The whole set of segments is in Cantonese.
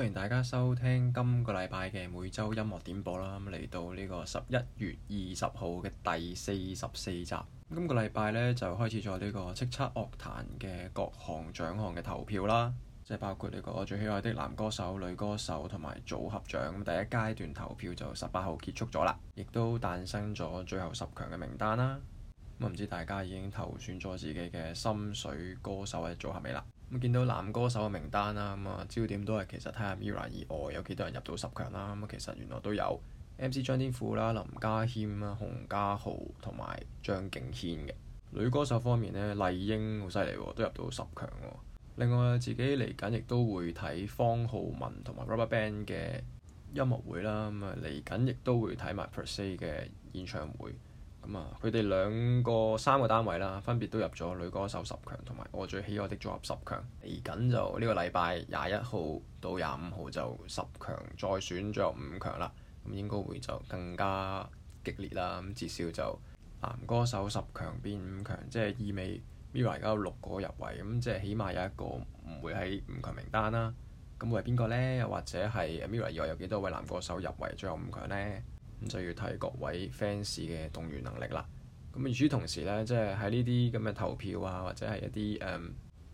歡迎大家收聽今個禮拜嘅每周音樂點播啦，嚟到呢個十一月二十號嘅第四十四集。今個禮拜呢，就開始咗呢個叱咤樂壇嘅各項獎項嘅投票啦，即係包括呢個我最喜愛的男歌手、女歌手同埋組合獎。第一階段投票就十八號結束咗啦，亦都誕生咗最後十強嘅名單啦。咁唔知大家已經投選咗自己嘅心水歌手或者組合未啦？咁見到男歌手嘅名單啦，咁、嗯、啊焦點都係其實睇下 Mirror 以外有幾多人入到十強啦、啊。咁、嗯、其實原來都有 MC 張天賦啦、林家謙啦、洪嘉豪同埋張敬軒嘅。女歌手方面呢，麗英好犀利，都入到十強、哦。另外自己嚟緊亦都會睇方浩文同埋 RubberBand 嘅音樂會啦。咁啊嚟緊亦都會睇埋 Per Se 嘅演唱會。咁啊，佢哋兩個三個單位啦，分別都入咗女歌手十強同埋我最喜愛的組合十強。嚟緊就呢個禮拜廿一號到廿五號就十強再選最後五強啦。咁應該會就更加激烈啦。咁至少就男歌手十強變五強，即係意味 MIRROR 而家有六個入圍，咁即係起碼有一個唔會喺五強名單啦。咁會係邊個呢？又或者係 MIRROR 以外有幾多位男歌手入圍最後五強呢？咁就要睇各位 fans 嘅動員能力啦。咁與此同時呢，即係喺呢啲咁嘅投票啊，或者係一啲 um,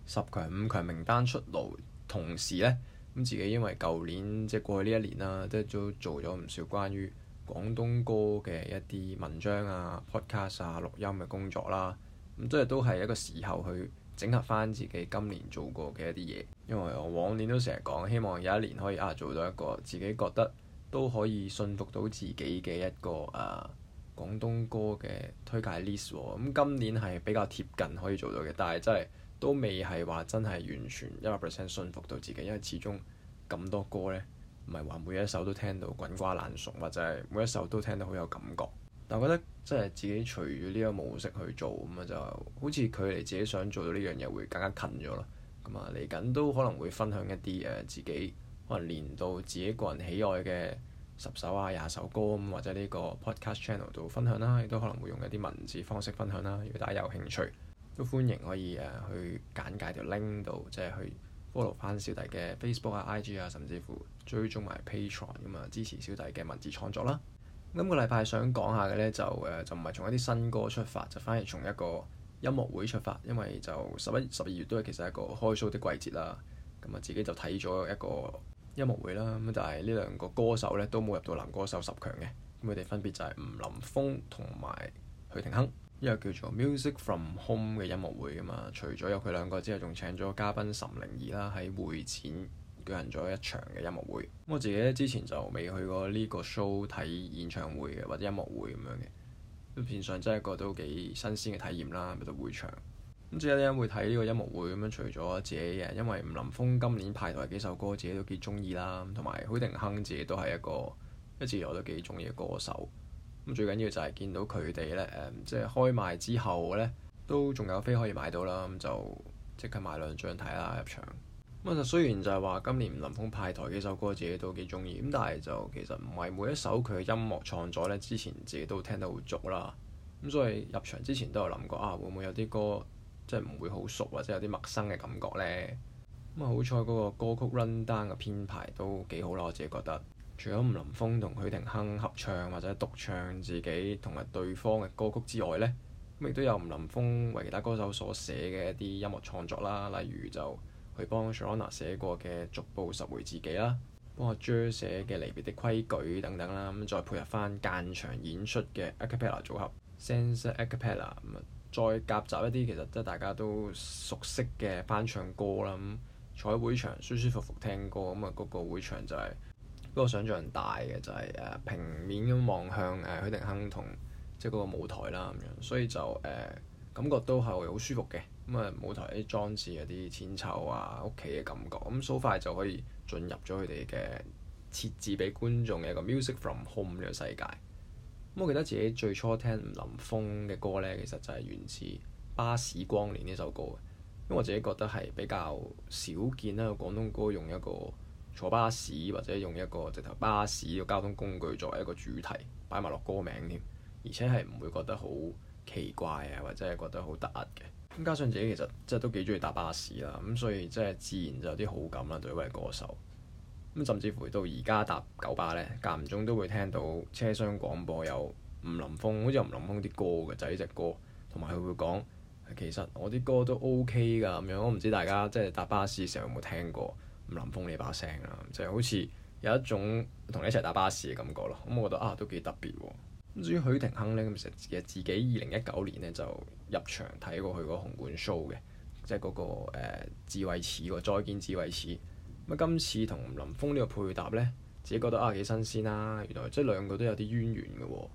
十強、五強名單出爐，同時呢，咁自己因為舊年即係、就是、過去呢一年啦、啊，都都做咗唔少關於廣東歌嘅一啲文章啊、podcast 啊、錄音嘅工作啦、啊。咁即係都係一個時候去整合翻自己今年做過嘅一啲嘢。因為我往年都成日講，希望有一年可以啊做到一個自己覺得。都可以信服到自己嘅一個啊廣東歌嘅推介 list 咁、哦嗯、今年係比較貼近可以做到嘅，但係真係都未係話真係完全一百 percent 信服到自己，因為始終咁多歌咧，唔係話每一首都聽到滾瓜爛熟，或者係每一首都聽得好有感覺，但我覺得真係自己隨住呢個模式去做咁啊，就好似距離自己想做到呢樣嘢，會更加近咗啦。咁、嗯、啊，嚟緊都可能會分享一啲誒、啊、自己可能連到自己個人喜愛嘅。十首啊、廿首歌咁，或者呢個 podcast channel 度分享啦，亦都可能會用一啲文字方式分享啦。如果大家有興趣，都歡迎可以誒去簡介條 link 度，即係去 follow 翻小弟嘅 Facebook 啊、IG 啊，甚至乎追蹤埋 Patreon 咁啊，支持小弟嘅文字創作啦。今個禮拜想講下嘅呢，就誒就唔係從一啲新歌出發，就反而從一個音樂會出發，因為就十一、十二月都係其實一個開 show 的季節啦。咁啊，自己就睇咗一個音樂會啦，咁就係呢兩個歌手咧都冇入到男歌手十強嘅，咁佢哋分別就係吳林峰同埋許廷鏗，一個叫做 Music From Home 嘅音樂會㗎嘛，除咗有佢兩個之外，仲請咗嘉賓岑寧兒啦，喺會展舉行咗一場嘅音樂會。我自己之前就未去過呢個 show 睇演唱會嘅或者音樂會咁樣嘅，咁變相真係一個都幾新鮮嘅體驗啦喺到會場。咁即係有啲人會睇呢個音樂會咁樣，除咗自己嘅，因為吳林峰今年派台幾首歌，自己都幾中意啦。同埋許廷鏗自己都係一個，一直我都幾中意嘅歌手。咁最緊要就係見到佢哋咧誒，即係開賣之後咧，都仲有飛可以買到啦。咁就即刻買兩張睇啦，入場咁就雖然就係話今年吳林峰派台幾首歌，自己都幾中意咁，但係就其實唔係每一首佢嘅音樂創作咧，之前自己都聽得好熟啦。咁所以入場之前都有諗過啊，會唔會有啲歌？即係唔會好熟，或者有啲陌生嘅感覺呢。咁啊，好彩嗰個歌曲《Rundown》嘅編排都幾好啦，我自己覺得。除咗吳林峰同許廷鏗合唱或者獨唱自己同埋對方嘅歌曲之外呢，咁亦都有吳林峰為其他歌手所寫嘅一啲音樂創作啦，例如就去幫 Shona 寫過嘅《逐步拾回自己》啦，幫阿 Jer 寫嘅《離別的規矩》等等啦。咁再配合翻間場演出嘅 Acapella 組合 Sense Acapella。再夾雜一啲其實即係大家都熟悉嘅翻唱歌啦，咁坐喺會場舒舒服服聽歌，咁啊嗰個會場就係、是、嗰、那個想像大嘅、就是，就係誒平面咁望向誒、啊、許廷亨許廷鏗同即係嗰個舞台啦咁樣，所以就誒、啊、感覺都係好舒服嘅，咁啊舞台啲裝置有啲鞦韆啊，屋企嘅感覺，咁 so 快就可以進入咗佢哋嘅設置俾觀眾嘅一個 Music From Home 呢個世界。咁我記得自己最初聽吳林峰嘅歌呢，其實就係源自《巴士光年》呢首歌嘅，因為我自己覺得係比較少見啦，廣東歌用一個坐巴士或者用一個直頭巴士嘅交通工具作為一個主題擺埋落歌名添，而且係唔會覺得好奇怪啊，或者係覺得好突兀嘅。咁加上自己其實即係都幾中意搭巴士啦，咁所以即係自然就有啲好感啦，對一位歌手。咁甚至乎到而家搭九巴呢，間唔中都會聽到車廂廣播有吳林峰，好似有吳林峰啲歌嘅，就係呢隻歌，同埋佢會講其實我啲歌都 OK 㗎咁樣，我唔知大家即係搭巴士嘅時候有冇聽過吳林峰呢把聲啊？就係好似有一種同你一齊搭巴士嘅感覺咯。咁我覺得啊，都幾特別。咁至於許廷鏗呢，咁其實自己二零一九年呢就入場睇過佢個紅館 show 嘅，即係嗰個《智慧齒》喎、呃，《再見智慧齒》。今次同吳林峰呢個配搭呢，自己覺得啊幾新鮮啦、啊。原來即係兩個都有啲淵源嘅喎、哦，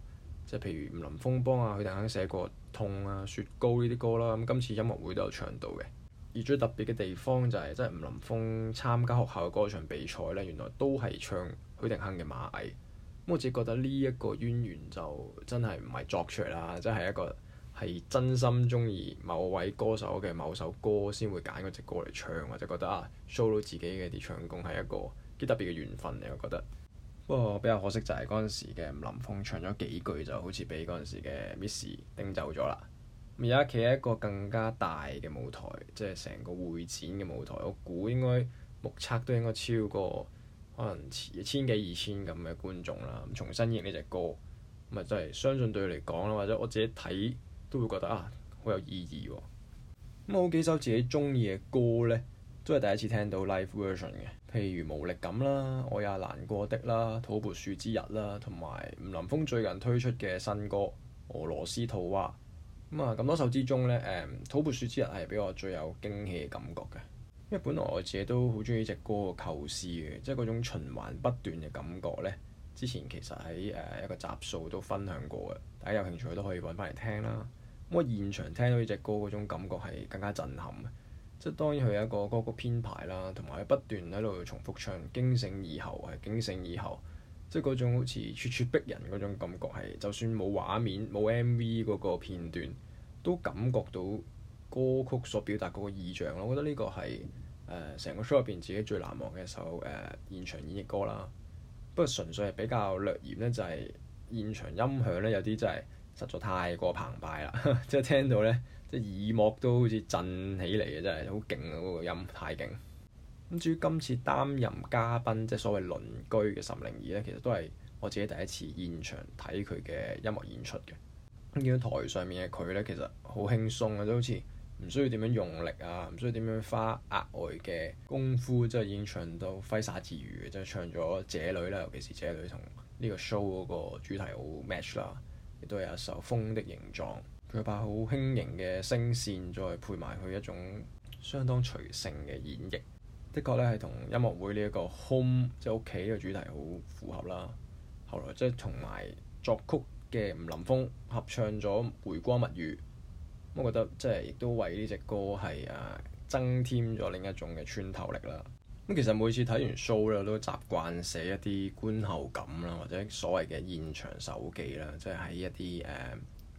即係譬如吳林峰幫啊許廷鏗寫過《痛》啊《雪糕》呢啲歌啦。咁今次音樂會都有唱到嘅。而最特別嘅地方就係、是、即係吳林峰參加學校嘅歌唱比賽呢，原來都係唱許廷鏗嘅《螞蟻》。咁我自己覺得呢一個淵源就真係唔係作出嚟啦，即、就、係、是、一個。係真心中意某位歌手嘅某首歌，先會揀嗰隻歌嚟唱，或者覺得啊 Solo 自己嘅啲唱功係一個幾特別嘅緣分嚟。我覺得不過比較可惜就係嗰陣時嘅林峰唱咗幾句就好似俾嗰陣時嘅 Miss 叮走咗啦。而家企喺一個更加大嘅舞台，即係成個會展嘅舞台，我估應該目測都應該超過可能千千幾二千咁嘅觀眾啦。咁重新譯呢隻歌，咪就係相信對佢嚟講啦，或者我自己睇。都會覺得啊，好有意義喎、哦。咁好幾首自己中意嘅歌呢，都係第一次聽到 live version 嘅。譬如《無力感》啦，《我也難過的》啦，《土撥鼠之日》啦，同埋吳林峰最近推出嘅新歌《俄羅斯套娃》。咁啊，咁多首之中呢，嗯《誒《土撥鼠之日》係畀我最有驚喜嘅感覺嘅，因為本來我自己都好中意隻歌嘅構思嘅，即係嗰種循環不斷嘅感覺呢。之前其實喺誒、呃、一個集數都分享過嘅，大家有興趣都可以揾翻嚟聽啦。咁啊！現場聽到呢隻歌嗰種感覺係更加震撼，即係當然佢有一個歌曲編排啦，同埋不斷喺度重複唱，驚醒以後係驚醒以後，驚醒以後，即係嗰種好似咄咄逼人嗰種感覺係，就算冇畫面、冇 MV 嗰個片段，都感覺到歌曲所表達嗰個意象咯。我覺得呢個係誒成個 show 入邊自己最難忘嘅一首誒、呃、現場演繹歌啦。不過純粹係比較略嫌咧，就係、是、現場音響咧有啲就係、是。實在太過澎湃啦！即 係聽到呢，即係耳膜都好似震起嚟嘅，真係好勁啊，嗰個音，太勁。咁至於今次擔任嘉賓，即係所謂鄰居嘅岑寧兒呢，其實都係我自己第一次現場睇佢嘅音樂演出嘅。見到台上面嘅佢呢，其實好輕鬆嘅，都好似唔需要點樣用力啊，唔需要點樣花額外嘅功夫，即係已經唱到揮灑自如嘅，即係唱咗《姐女》啦。尤其是《姐女》同呢個 show 嗰個主題好 match 啦。亦都有一首風的形狀，佢把好輕盈嘅聲線再配埋佢一種相當隨性嘅演繹，的確咧係同音樂會呢一個 home，即係屋企呢個主題好符合啦。後來即係同埋作曲嘅吳林峰合唱咗《回光物語》，我覺得即係亦都為呢隻歌係啊增添咗另一種嘅穿透力啦。咁其實每次睇完 show 咧，都習慣寫一啲觀後感啦，或者所謂嘅現場手記啦，即係喺一啲誒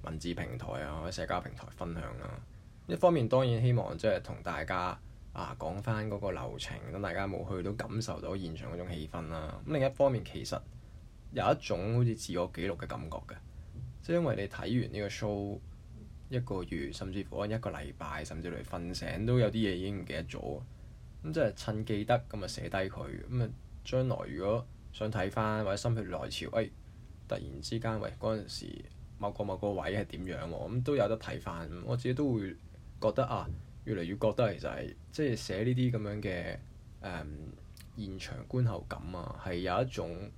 文字平台啊、或者社交平台分享啦。一方面當然希望即係同大家啊講翻嗰個流程，咁大家冇去到感受到現場嗰種氣氛啦。咁另一方面其實有一種好似自我記錄嘅感覺嘅，即係因為你睇完呢個 show 一個月，甚至乎一個禮拜，甚至你瞓醒都有啲嘢已經唔記得咗。咁即係趁記得咁啊寫低佢，咁啊將來如果想睇翻或者心血來潮，哎突然之間，喂嗰陣時某個某，某個位係點樣喎、啊？咁都有得睇翻。我自己都會覺得啊，越嚟越覺得其實係即係寫呢啲咁樣嘅誒、嗯、現場觀後感啊，係有一種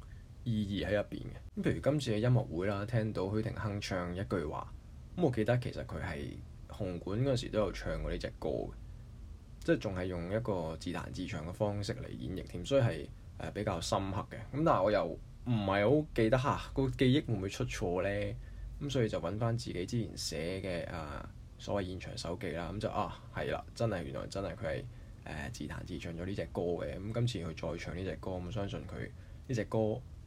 意義喺入邊嘅。咁譬如今次嘅音樂會啦，聽到許廷鏗唱一句話，咁我記得其實佢係紅館嗰陣時都有唱過呢隻歌即係仲係用一個自彈自唱嘅方式嚟演繹添，所以係誒比較深刻嘅。咁但係我又唔係好記得嚇，個記憶會唔會出錯呢？咁所以就揾翻自己之前寫嘅誒、啊、所謂現場手記啦。咁就啊係啦，真係原來真係佢係誒自彈自唱咗呢隻歌嘅。咁、啊、今次佢再唱呢隻歌，咁、啊、相信佢呢隻歌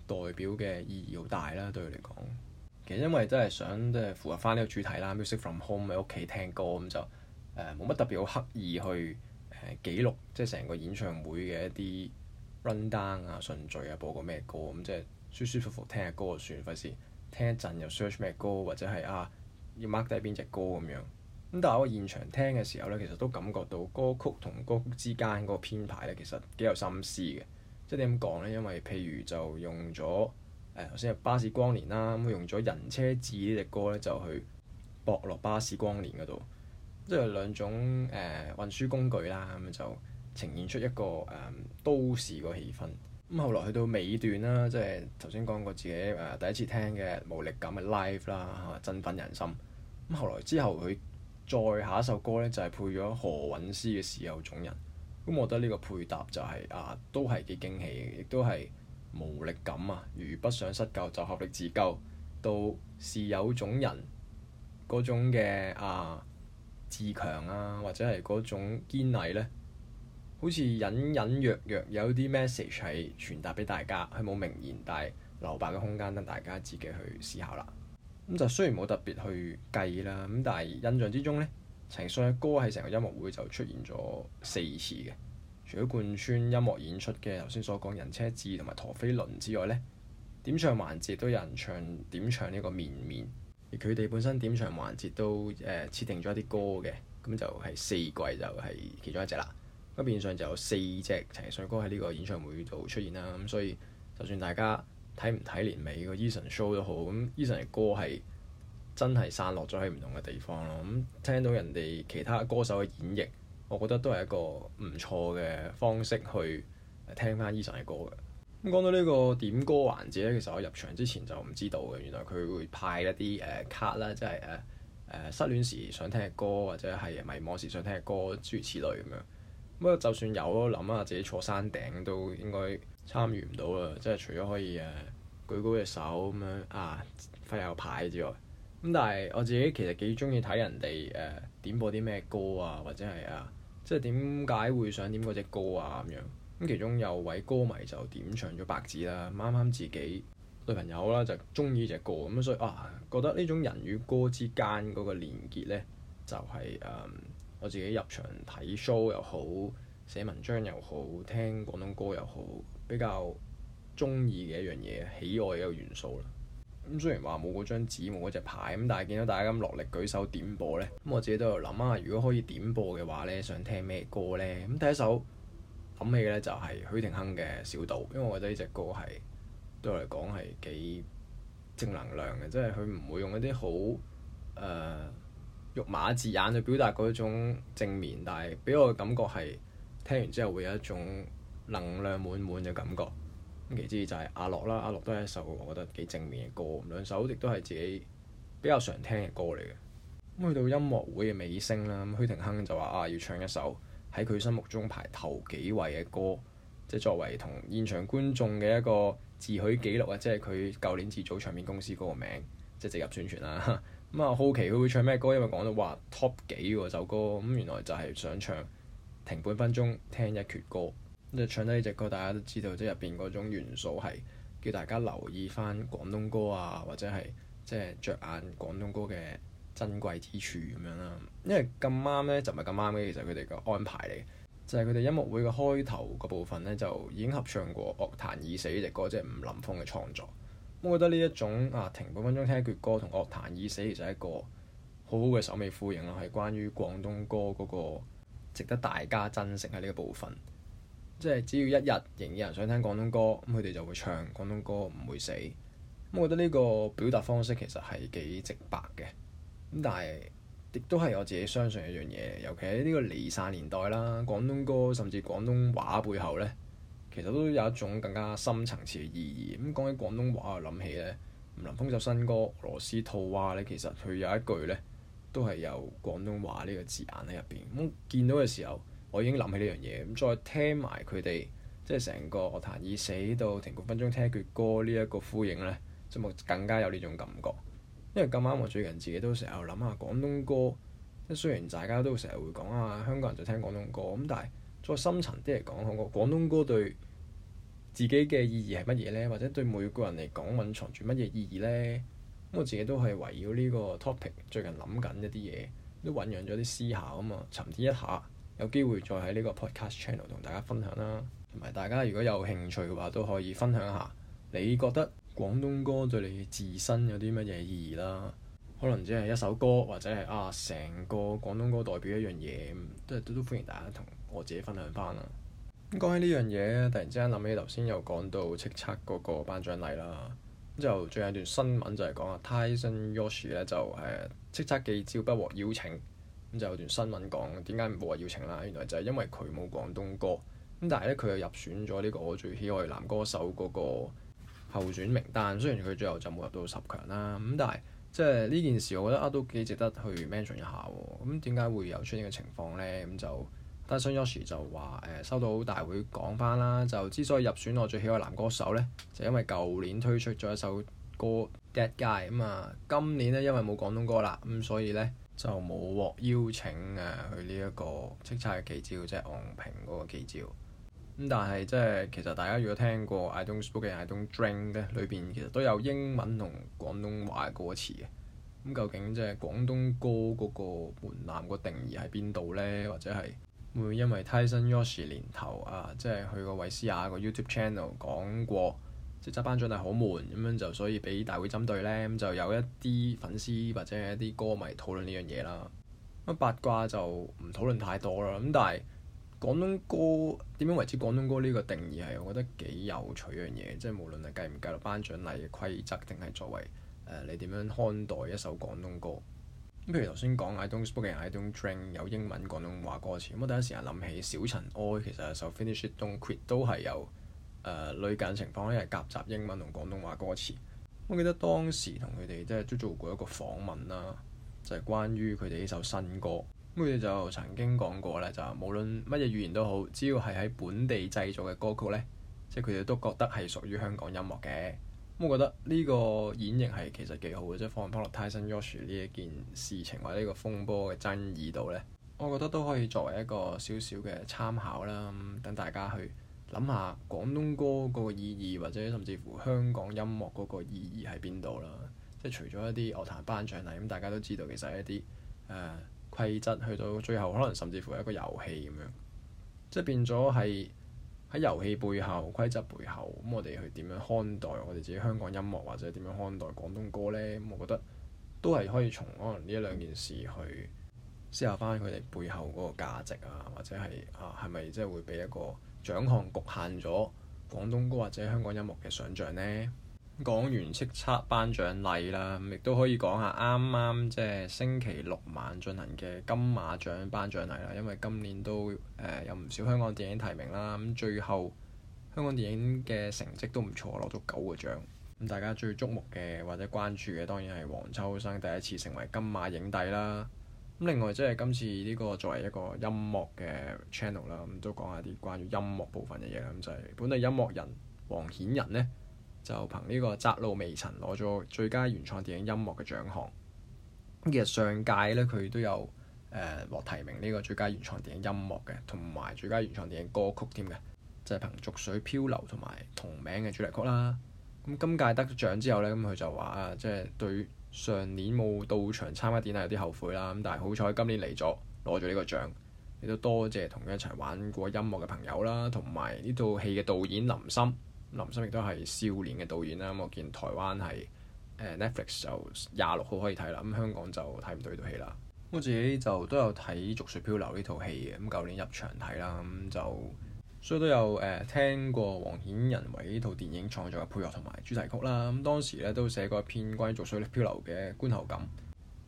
代表嘅意義好大啦，對佢嚟講。其實因為真係想即係、啊、符合翻呢個主題啦，Music From Home 喺屋企聽歌咁就冇乜、啊、特別好刻意去。誒記錄，即係成個演唱會嘅一啲 rundown 啊，順序啊播過咩歌，咁即係舒舒服服聽下歌就算，費事聽一陣又 search 咩歌或者係啊要 mark 低邊隻歌咁樣。咁但係我現場聽嘅時候呢，其實都感覺到歌曲同歌曲之間個編排呢，其實幾有心思嘅。即係點講呢？因為譬如就用咗誒頭先係巴士光年啦，咁用咗人車誌呢隻歌呢，就去駁落巴士光年嗰度。即係兩種誒、呃、運輸工具啦，咁、嗯、就呈現出一個誒、嗯、都市個氣氛。咁、嗯、後來去到尾段啦，即係頭先講過自己誒、呃、第一次聽嘅無力感嘅 live 啦、啊，嚇，振奮人心。咁、嗯、後來之後佢再下一首歌咧，就係、是、配咗何韻詩嘅《時有種人》嗯。咁我覺得呢個配搭就係、是、啊，都係幾驚喜，亦都係無力感啊。如不想失救，就合力自救。到時有種人嗰種嘅啊～自強啊，或者係嗰種堅毅呢，好似隱隱約約有啲 message 係傳達俾大家，佢冇明言，但係留白嘅空間等大家自己去思考啦。咁就雖然冇特別去計啦，咁但係印象之中呢，陳奕迅嘅歌喺成個音樂會就出現咗四次嘅，除咗貫穿音樂演出嘅頭先所講人車誌同埋陀飛輪之外呢，點唱環節都有人唱點唱呢個綿綿。而佢哋本身點唱環節都誒、呃、設定咗一啲歌嘅，咁就係四季就係其中一隻啦。咁變相就有四隻陳奕迅歌喺呢個演唱會度出現啦。咁所以就算大家睇唔睇年尾個 Eason Show 都好，咁 Eason 嘅歌係真係散落咗喺唔同嘅地方咯。咁聽到人哋其他歌手嘅演繹，我覺得都係一個唔錯嘅方式去聽翻 Eason 嘅歌嘅。咁講到呢個點歌環節咧，其實我入場之前就唔知道嘅，原來佢會派一啲誒、呃、卡啦，即係誒誒失戀時想聽嘅歌，或者係迷茫時想聽嘅歌，諸如此類咁樣。不過就算有咯，諗下自己坐山頂都應該參與唔到啦，即係除咗可以誒、呃、舉高隻手咁樣啊揮下牌之外，咁但係我自己其實幾中意睇人哋誒、呃、點播啲咩歌啊，或者係啊，即係點解會想點嗰隻歌啊咁樣。咁其中有位歌迷就點唱咗白紙啦，啱啱自己女朋友啦就中意隻歌咁、嗯，所以啊覺得呢種人與歌之間嗰個連結咧，就係、是、誒、嗯、我自己入場睇 show 又好，寫文章又好，聽廣東歌又好，比較中意嘅一樣嘢，喜愛嘅一個元素啦。咁、嗯、雖然話冇嗰張紙冇嗰隻牌咁，但係見到大家咁落力舉手點播呢，咁、嗯、我自己都有諗啊，如果可以點播嘅話呢，想聽咩歌呢？咁、嗯、第一首。諗起嘅咧就係許廷鏗嘅《小島》，因為我覺得呢隻歌係對我嚟講係幾正能量嘅，即係佢唔會用一啲好誒肉麻字眼去表達嗰種正面，但係俾我感覺係聽完之後會有一種能量滿滿嘅感覺。咁其次就係阿樂啦，阿樂都係一首我覺得幾正面嘅歌，兩首亦都係自己比較常聽嘅歌嚟嘅。咁去到音樂會嘅尾聲啦，咁許廷鏗就話啊要唱一首。喺佢心目中排頭幾位嘅歌，即係作為同現場觀眾嘅一個自許記錄啊。即係佢舊年自組唱片公司嗰個名，即係直入宣傳啦。咁啊、嗯、好奇佢會唱咩歌，因為講到話 top 幾嗰首歌，咁、嗯、原來就係想唱停半分鐘聽一闕歌。即、嗯、係唱得呢隻歌，大家都知道，即係入邊嗰種元素係叫大家留意翻廣東歌啊，或者係即係着眼廣東歌嘅。珍貴之處咁樣啦，因為咁啱呢，就唔係咁啱呢。其實佢哋嘅安排嚟，就係佢哋音樂會嘅開頭個部分呢，就已經合唱過《樂壇已死》呢隻歌，即係吳林峰嘅創作。我覺得呢一種啊，停半分鐘聽一句歌同樂壇已死，其實係一個好好嘅首尾呼應咯，係關於廣東歌嗰個值得大家珍惜喺呢個部分。即係只要一日仍然有人想聽廣東歌，咁佢哋就會唱廣東歌，唔會死。咁我覺得呢個表達方式其實係幾直白嘅。但係亦都係我自己相信一樣嘢，尤其喺呢個離散年代啦，廣東歌甚至廣東話背後呢，其實都有一種更加深層次嘅意義。咁講起廣東話，我諗起呢，吳林峰首新歌《俄羅斯套娃》呢，其實佢有一句呢，都係有廣東話呢個字眼喺入邊。咁、嗯、見到嘅時候，我已經諗起呢樣嘢。咁再聽埋佢哋即係成個樂壇已死到停半分鐘聽佢歌呢一個呼應呢，就我更加有呢種感覺。因為咁啱，我最近自己都成日諗下廣東歌。即雖然大家都成日會講啊，香港人就聽廣東歌咁，但係再深層啲嚟講，個廣東歌對自己嘅意義係乜嘢呢？或者對每個人嚟講，隱藏住乜嘢意義呢？咁我自己都係圍繞呢個 topic，最近諗緊一啲嘢，都醖釀咗啲思考啊嘛。沉澱一下，有機會再喺呢個 podcast channel 同大家分享啦。同埋大家如果有興趣嘅話，都可以分享下，你覺得。廣東歌對你自身有啲乜嘢意義啦？可能只係一首歌，或者係啊成個廣東歌代表一樣嘢，都都都歡迎大家同我自己分享翻啦。咁講起呢樣嘢，突然之間諗起頭先又講到叱咤嗰個頒獎禮啦。咁就最後一段新聞就係講啊，Tyson Yoshi 咧就誒叱咤記招不獲邀請。咁就有段新聞講點解唔獲邀請啦？原來就係因為佢冇廣東歌。咁但係咧佢又入選咗呢個我最喜愛男歌手嗰個候選名單，雖然佢最後就冇入到十強啦，咁但係即係呢件事，我覺得啊都幾值得去 mention 一下喎。咁點解會有出現嘅情況呢？咁、嗯、就 Tyson Yoshi 就話誒、呃、收到大會講翻啦，就之所以入選我最喜愛男歌手呢，就因為舊年推出咗一首歌《Dead Guy》咁啊，今年呢，因為冇廣東歌啦，咁、嗯、所以呢，就冇獲邀請啊去呢一個叱咤嘅記招，即係昂評嗰個記招。咁但係即係其實大家如果聽過 I don't smoke I don't drink 咧，裏邊其實都有英文同廣東話嘅歌詞嘅。咁究竟即係廣東歌嗰個門檻個定義喺邊度呢？或者係會唔會因為 Tyson Yoshi 年頭啊，即、就、係、是、去過維斯亞個 YouTube channel 講過即係叱咤頒獎係好悶咁樣，就所以俾大會針對呢？咁就有一啲粉絲或者係一啲歌迷討論呢樣嘢啦。八卦就唔討論太多啦。咁但係廣東歌點樣為之廣東歌呢個定義係，我覺得幾有趣一樣嘢，即係無論係計唔計落頒獎禮規則，定係作為誒、呃、你點樣看待一首廣東歌。咁譬如頭先講 I don't smoke I don't drink 有英文廣東話歌詞，咁我第一時間諗起小塵埃其實首 Finish Don't Quit 都係有誒、呃、類近情況，因為夾雜英文同廣東話歌詞。我記得當時同佢哋即係都做過一個訪問啦，就係、是、關於佢哋呢首新歌。咁佢哋就曾經講過咧，就無論乜嘢語言都好，只要係喺本地製作嘅歌曲呢，即係佢哋都覺得係屬於香港音樂嘅。咁我覺得呢個演繹係其實幾好嘅，即係放落 Tyson Yoshi 呢一件事情或者呢個風波嘅爭議度呢，我覺得都可以作為一個少少嘅參考啦，等大家去諗下廣東歌嗰個意義，或者甚至乎香港音樂嗰個意義喺邊度啦。即係除咗一啲樂壇頒獎禮，咁大家都知道其實一啲誒。呃規則去到最後，可能甚至乎係一個遊戲咁樣，即係變咗係喺遊戲背後規則背後，咁我哋去點樣看待我哋自己香港音樂，或者點樣看待廣東歌呢？咁我覺得都係可以從可能呢一兩件事去思考翻佢哋背後嗰個價值啊，或者係啊係咪即係會俾一個獎項局限咗廣東歌或者香港音樂嘅想像呢？講完叱咤頒獎禮啦，亦都可以講下啱啱即係星期六晚進行嘅金馬獎頒獎禮啦。因為今年都誒有唔少香港電影提名啦，咁最後香港電影嘅成績都唔錯，攞咗九個獎。咁大家最矚目嘅或者關注嘅當然係黃秋生第一次成為金馬影帝啦。咁另外即係今次呢個作為一個音樂嘅 channel 啦，咁都講下啲關於音樂部分嘅嘢啦。咁就係、是、本地音樂人黃衍仁呢。就憑呢個《窄路微塵》攞咗最佳原創電影音樂嘅獎項。咁其實上屆呢，佢都有誒獲、呃、提名呢個最佳原創電影音樂嘅，同埋最佳原創電影歌曲添嘅，就係、是、憑《濁水漂流》同埋同名嘅主題曲啦。咁、嗯、今屆得獎之後呢，咁、嗯、佢就話啊，即、就、係、是、對上年冇到場參加典禮有啲後悔啦。咁但係好彩今年嚟咗攞咗呢個獎，亦都多謝同佢一齊玩過音樂嘅朋友啦，同埋呢套戲嘅導演林森。林森亦都係少年嘅導演啦。咁、嗯、我見台灣係誒、呃、Netflix 就廿六號可以睇啦。咁、嗯、香港就睇唔到呢套戲啦。我自己就都有睇《濁水漂流》呢套戲嘅。咁、嗯、舊年入場睇啦，咁、嗯、就所以都有誒、呃、聽過黃衍仁為呢套電影創作嘅配樂同埋主題曲啦。咁、嗯、當時咧都寫過一篇關於《濁水漂流》嘅觀後感。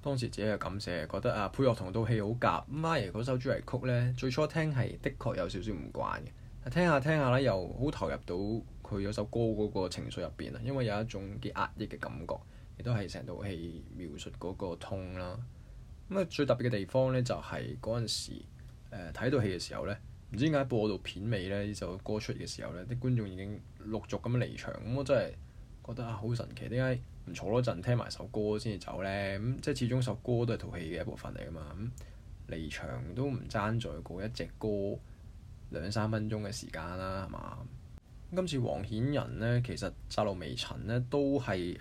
當時自己咁寫覺得啊，配樂同套戲好夾。咁、嗯、啊，嗰首主題曲咧，最初聽係的確有少少唔慣嘅，聽下聽下咧又好投入到。佢有首歌嗰個情緒入邊啊，因為有一種幾壓抑嘅感覺，亦都係成套戲描述嗰個痛啦。咁啊，最特別嘅地方咧，就係嗰陣時、呃、睇到戲嘅時候咧，唔知點解播到片尾咧，呢首歌出嚟嘅時候咧，啲觀眾已經陸續咁樣離場，咁我真係覺得啊好神奇，點解唔坐多陣聽埋首歌先至走咧？咁、嗯、即係始終首歌都係套戲嘅一部分嚟㗎嘛，咁、嗯、離場都唔爭在過一隻歌兩三分鐘嘅時間啦，係嘛？今次黃衍仁呢，其實《窄路微塵》呢都係誒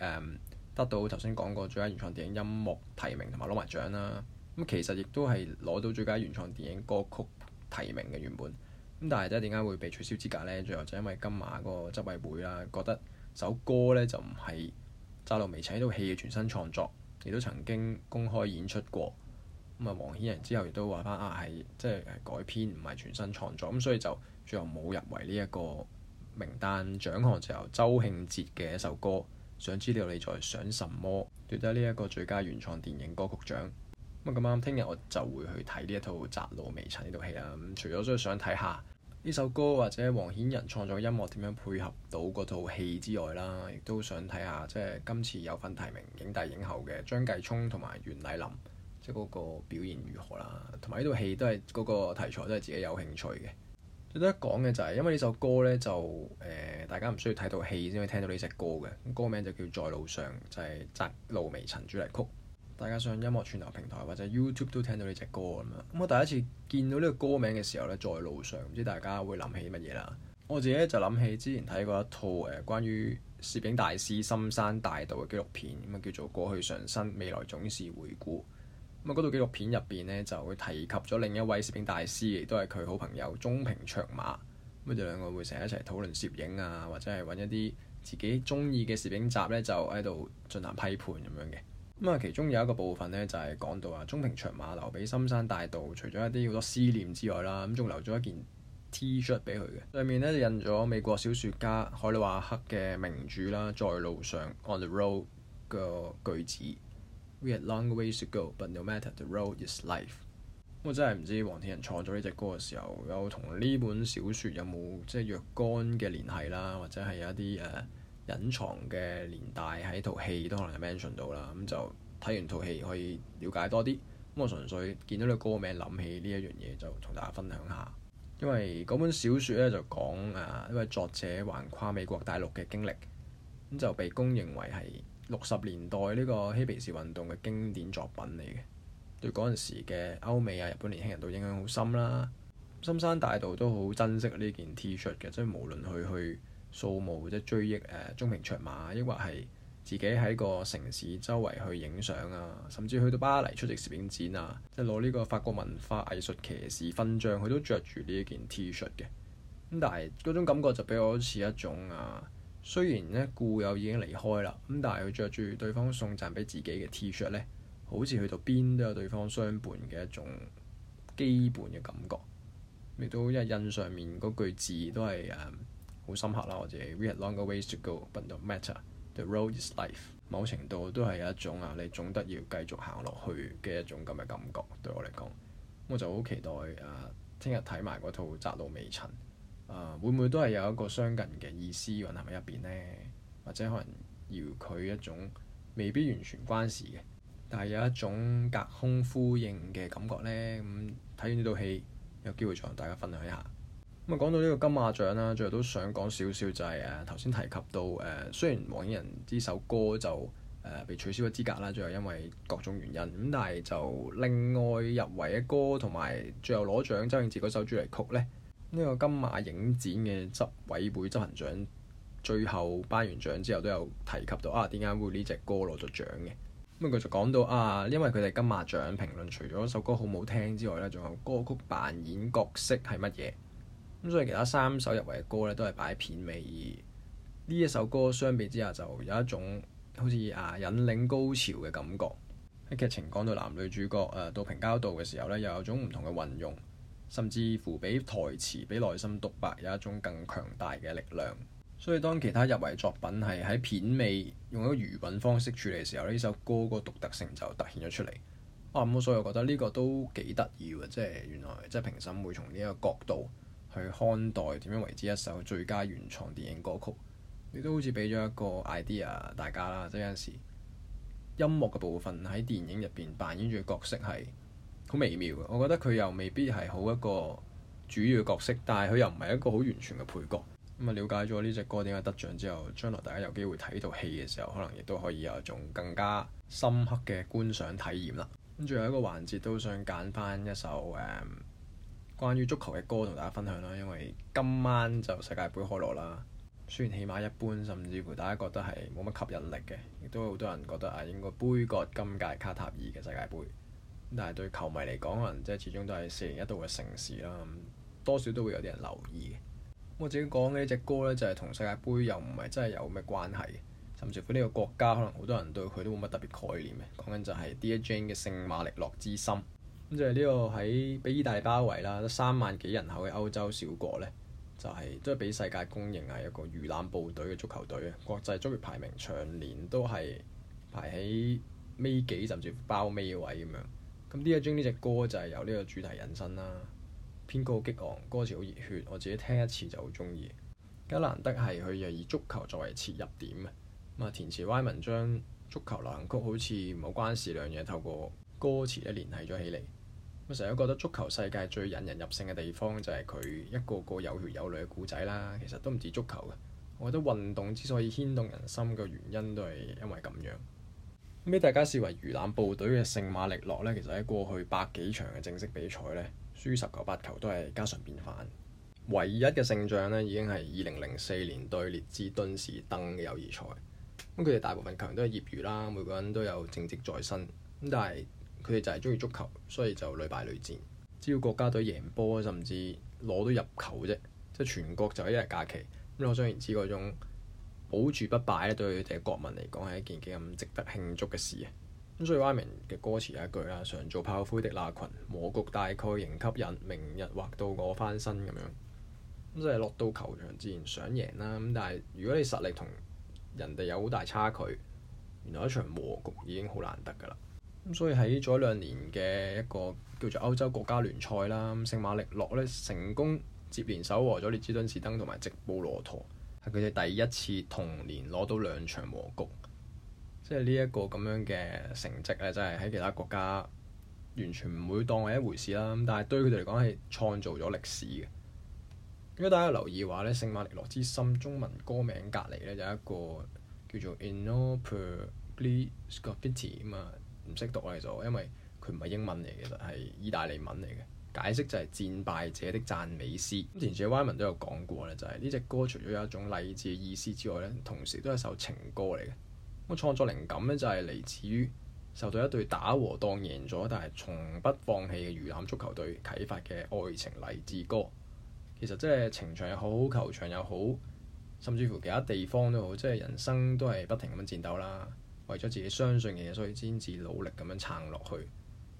得到頭先講過最佳原創電影音樂提名，同埋攞埋獎啦。咁其實亦都係攞到最佳原創電影歌曲提名嘅原本。咁但係即係點解會被取消資格呢？最後就因為金馬嗰個執委會啦，覺得首歌呢就唔係《窄路微塵》呢套戲嘅全新創作，亦都曾經公開演出過。咁啊，黃衍仁之後亦都話返啊，係即係改編，唔係全新創作咁，所以就最後冇入圍呢、這、一個。名單獎項就由周興哲嘅一首歌《想知道你在想什麼》奪得呢一個最佳原創電影歌曲獎。咁咁啱，聽日我就會去睇呢一套《窄路微塵》呢套戲啦。咁除咗想睇下呢首歌或者黃衍仁創作嘅音樂點樣配合到嗰套戲之外啦，亦都想睇下即係今次有份提名影帝影后嘅張繼聰同埋袁澧林，即係嗰個表現如何啦。同埋呢套戲都係嗰、嗰個題材都係自己有興趣嘅。值得一講嘅就係因為呢首歌呢，就誒、呃，大家唔需要睇到戲先可以聽到呢隻歌嘅。歌名就叫《在路上》，就係、是《窄路微塵》主題曲。大家上音樂串流平台或者 YouTube 都聽到呢隻歌咁樣。咁我第一次見到呢個歌名嘅時候呢，《在路上》，唔知大家會諗起乜嘢啦？我自己就諗起之前睇過一套誒關於攝影大師森山大道嘅紀錄片，咁啊叫做《過去常新，未來總是回顧》。咁啊，嗰套紀錄片入邊咧，就會提及咗另一位攝影大師，亦都係佢好朋友中平卓馬。佢哋兩個會成日一齊討論攝影啊，或者係揾一啲自己中意嘅攝影集呢，就喺度進行批判咁樣嘅。咁啊，其中有一個部分呢，就係、是、講到啊，中平卓馬留畀森山大道，除咗一啲好多思念之外啦，咁仲留咗一件 T-shirt 俾佢嘅，上面呢，印咗美國小說家海里華克嘅名著啦《在路上 On the Road》嘅句子。We had long ways to go, but no matter the road is life。我真係唔知黃衍仁創作呢隻歌嘅時候，有同呢本小説有冇即係若干嘅聯繫啦，或者係有一啲誒、uh, 隱藏嘅年代喺套戲都可能 mention 到啦。咁就睇完套戲可以了解多啲。咁我純粹見到呢個歌名諗起呢一樣嘢，就同大家分享下。因為嗰本小説咧就講啊，因、uh, 為作者橫跨美國大陸嘅經歷，咁就被公認為係。六十年代呢個嬉皮士運動嘅經典作品嚟嘅，對嗰陣時嘅歐美啊、日本年輕人都影響好深啦。森山大道都好珍惜呢件 t 恤嘅，即係、就是、無論佢去掃墓或者追憶誒、啊、中平卓馬，抑或係自己喺個城市周圍去影相啊，甚至去到巴黎出席攝影展啊，即係攞呢個法國文化藝術騎士勛章，佢都着住呢一件 t 恤嘅。咁但係嗰種感覺就俾我似一種啊～雖然咧故友已經離開啦，咁但係佢着住對方送贈畀自己嘅 T-shirt 咧，shirt，好似去到邊，邊都有對方相伴嘅一種基本嘅感覺。你都一印上面嗰句字都係誒好深刻啦，或者 We have longer ways to go but no matter. The road is life。某程度都係一種啊，你總得要繼續行落去嘅一種咁嘅感覺。對我嚟講，我就好期待啊，聽日睇埋嗰套《窄路微塵》。誒、啊、會唔會都係有一個相近嘅意思混喺入邊呢？或者可能要佢一種未必完全關事嘅，但係有一種隔空呼應嘅感覺呢？咁、嗯、睇完呢套戲，有機會再同大家分享一下。咁啊、嗯嗯，講到呢個金馬獎啦，最後都想講少少就係誒頭先提及到誒、啊，雖然黃衍仁呢首歌就誒、啊、被取消咗資格啦，最後因為各種原因咁，但係就另外入圍嘅歌同埋最後攞獎周顯智嗰首主題曲呢。呢個金馬影展嘅執委會執行長最後頒完獎之後，都有提及到啊，點解會呢隻歌攞咗獎嘅？咁佢就講到啊，因為佢哋金馬獎評論除咗首歌好唔好聽之外呢，仲有歌曲扮演角色係乜嘢咁，所以其他三首入圍嘅歌呢，都係擺片尾。呢一首歌相比之下就有一種好似啊引領高潮嘅感覺。喺劇情講到男女主角誒、啊、到平交道嘅時候呢，又有種唔同嘅運用。甚至乎比台詞，比內心獨白有一種更強大嘅力量。所以當其他入圍作品係喺片尾用咗個餘韻方式處理嘅時候，呢首歌個獨特性就凸顯咗出嚟。啊，咁所以我覺得呢個都幾得意喎！即係原來即係評審會從呢個角度去看待點樣為之一首最佳原創電影歌曲。亦都好似俾咗一個 idea 大家啦，即係有陣時音樂嘅部分喺電影入邊扮演住嘅角色係好微妙嘅，我覺得佢又未必係好一個主要角色，但係佢又唔係一個好完全嘅配角。咁、嗯、啊，了解咗呢隻歌點解得獎之後，將來大家有機會睇呢套戲嘅時候，可能亦都可以有種更加深刻嘅觀賞體驗啦。咁、嗯、最後一個環節都想揀翻一首誒、嗯、關於足球嘅歌同大家分享啦，因為今晚就世界杯開鑼啦。雖然起碼一般，甚至乎大家覺得係冇乜吸引力嘅，亦都好多人覺得啊，應該杯葛今屆卡塔爾嘅世界杯。但係對球迷嚟講，可能即係始終都係四年一度嘅盛事啦，多少都會有啲人留意。咁我自己講嘅呢隻歌呢，就係同世界盃又唔係真係有咩關係。甚至乎呢個國家可能好多人對佢都冇乜特別概念嘅。講緊就係 Dear Jane 嘅聖馬力諾之心。咁就係呢個喺被意大利包圍啦，得三萬幾人口嘅歐洲小國呢，就係、是、都係俾世界公認係一個魚腩部隊嘅足球隊啊！國際足協排名長年都係排喺尾幾甚至包尾位咁樣。咁呢一張呢隻歌就係由呢個主題引申啦，編歌激昂，歌詞好熱血，我自己聽一次就好鍾意。咁難得係佢又以足球作為切入點啊！咁啊，填詞歪文將足球流行曲好似冇關事兩樣嘢透過歌詞咧聯繫咗起嚟。我成日都覺得足球世界最引人入勝嘅地方就係佢一個個有血有淚嘅故仔啦。其實都唔止足球嘅，我覺得運動之所以牽動人心嘅原因都係因為咁樣。俾大家視為魚腩部隊嘅聖馬力諾呢，其實喺過去百幾場嘅正式比賽呢，輸十球八球都係家常便飯。唯一嘅勝仗呢，已經係二零零四年對列支敦士登嘅友誼賽。咁佢哋大部分球員都係業餘啦，每個人都有正職在身。咁但係佢哋就係中意足球，所以就屢敗屢戰。只要國家隊贏波，甚至攞到入球啫，即係全國就一日假期。咁我想而知嗰種，保住不敗咧，對佢哋國民嚟講係一件幾咁值得慶祝嘅事啊！咁所以 Yamin 嘅歌詞有一句啦：常做炮灰的那群，和局，大概仍吸引。明日或到我翻身咁樣，咁，即係落到球場自然想贏啦。咁但係如果你實力同人哋有好大差距，原來一場和局已經好難得㗎啦。咁所以喺早兩年嘅一個叫做歐洲國家聯賽啦，咁聖馬力諾咧，成功接連守和咗列支敦士登同埋直布羅陀。係佢哋第一次同年攞到兩場和局，即係呢一個咁樣嘅成績咧，真係喺其他國家完全唔會當係一回事啦。咁但係對佢哋嚟講，係創造咗歷史嘅。如果大家留意嘅話咧，《聖馬力諾之心》中文歌名隔籬咧有一個叫做《Inno per li Scopetti》咁啊，唔識讀嚟就，因為佢唔係英文嚟嘅，係意大利文嚟嘅。解釋就係戰敗者的讚美詩。咁前次 Wyman 都有講過咧，就係呢隻歌除咗有一種勵志嘅意思之外咧，同時都係首情歌嚟嘅。我創作靈感咧就係嚟自於受到一隊打和當贏咗，但係從不放棄嘅魚腩足球隊啟發嘅愛情勵志歌。其實即係情場又好，球場又好，甚至乎其他地方都好，即係人生都係不停咁樣戰鬥啦。為咗自己相信嘅嘢，所以先至努力咁樣撐落去。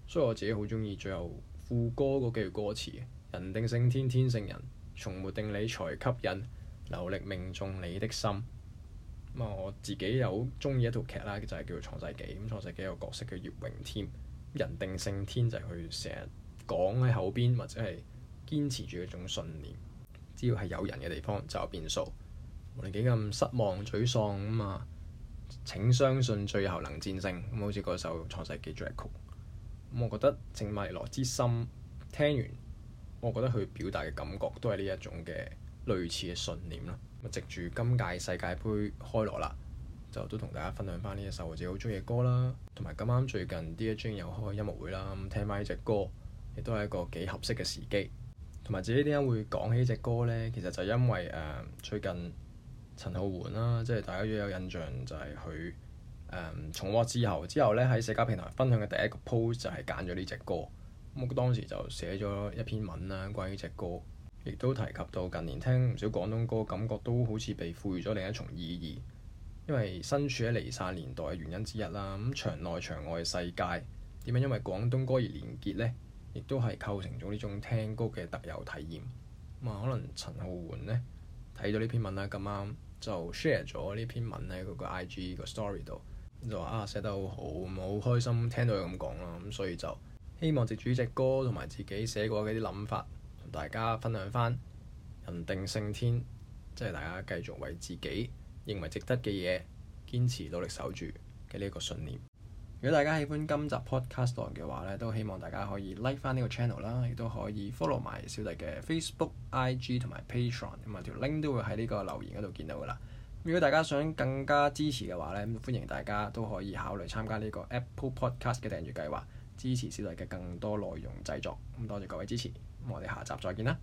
所以我自己好中意最後。副歌嗰句歌詞：人定勝天，天勝人，從沒定理才吸引，流力命中你的心。咁、嗯、啊，我自己有中意一套劇啦，就係、是、叫做《創世紀》。咁、嗯，《創世紀》個角色叫葉榮添，人定勝天就係佢成日講喺口邊，或者係堅持住一種信念。只要係有人嘅地方就有變數。無論幾咁失望、沮喪咁啊、嗯，請相信最後能戰勝。咁、嗯嗯、好似嗰首《創世紀》。咁我覺得《聖馬力諾之心》聽完，我覺得佢表達嘅感覺都係呢一種嘅類似嘅信念啦。咁藉住今屆世界盃開鑼啦，就都同大家分享翻呢一首我自己好中意嘅歌啦。同埋咁啱最近 Dear Jane 又開音樂會啦，咁聽翻呢隻歌，亦都係一個幾合適嘅時機。同埋自己點解會講起呢隻歌呢？其實就因為誒、呃、最近陳浩軒啦，即係大家都有印象就係佢，重、um，重獲之後，之後咧喺社交平台分享嘅第一個 post 就係揀咗呢隻歌。咁當時就寫咗一篇文啦，關於隻歌，亦都提及到近年聽唔少廣東歌，感覺都好似被賦予咗另一重意義。因為身處喺離散年代嘅原因之一啦。咁場內場外嘅世界點樣因為廣東歌而連結呢？亦都係構成咗呢種聽歌嘅特有體驗。咁啊，可能陳浩緩呢睇咗呢篇文啦，咁啱就 share 咗呢篇文咧嗰個 I G 個 story 度。就話啊寫得好好，好開心，聽到佢咁講啦，咁所以就希望藉住隻歌同埋自己寫過嘅啲諗法，同大家分享翻人定勝天，即係大家繼續為自己認為值得嘅嘢堅持努力守住嘅呢一個信念。如果大家喜歡今集 podcast 嘅話咧，都希望大家可以 like 翻呢個 channel 啦，亦都可以 follow 埋小弟嘅 Facebook、IG 同埋 Patreon，咁啊條 link 都會喺呢個留言嗰度見到噶啦。如果大家想更加支持嘅話咧，歡迎大家都可以考慮參加呢個 Apple Podcast 嘅訂閱計劃，支持小弟嘅更多內容製作。咁多謝各位支持，我哋下集再見啦。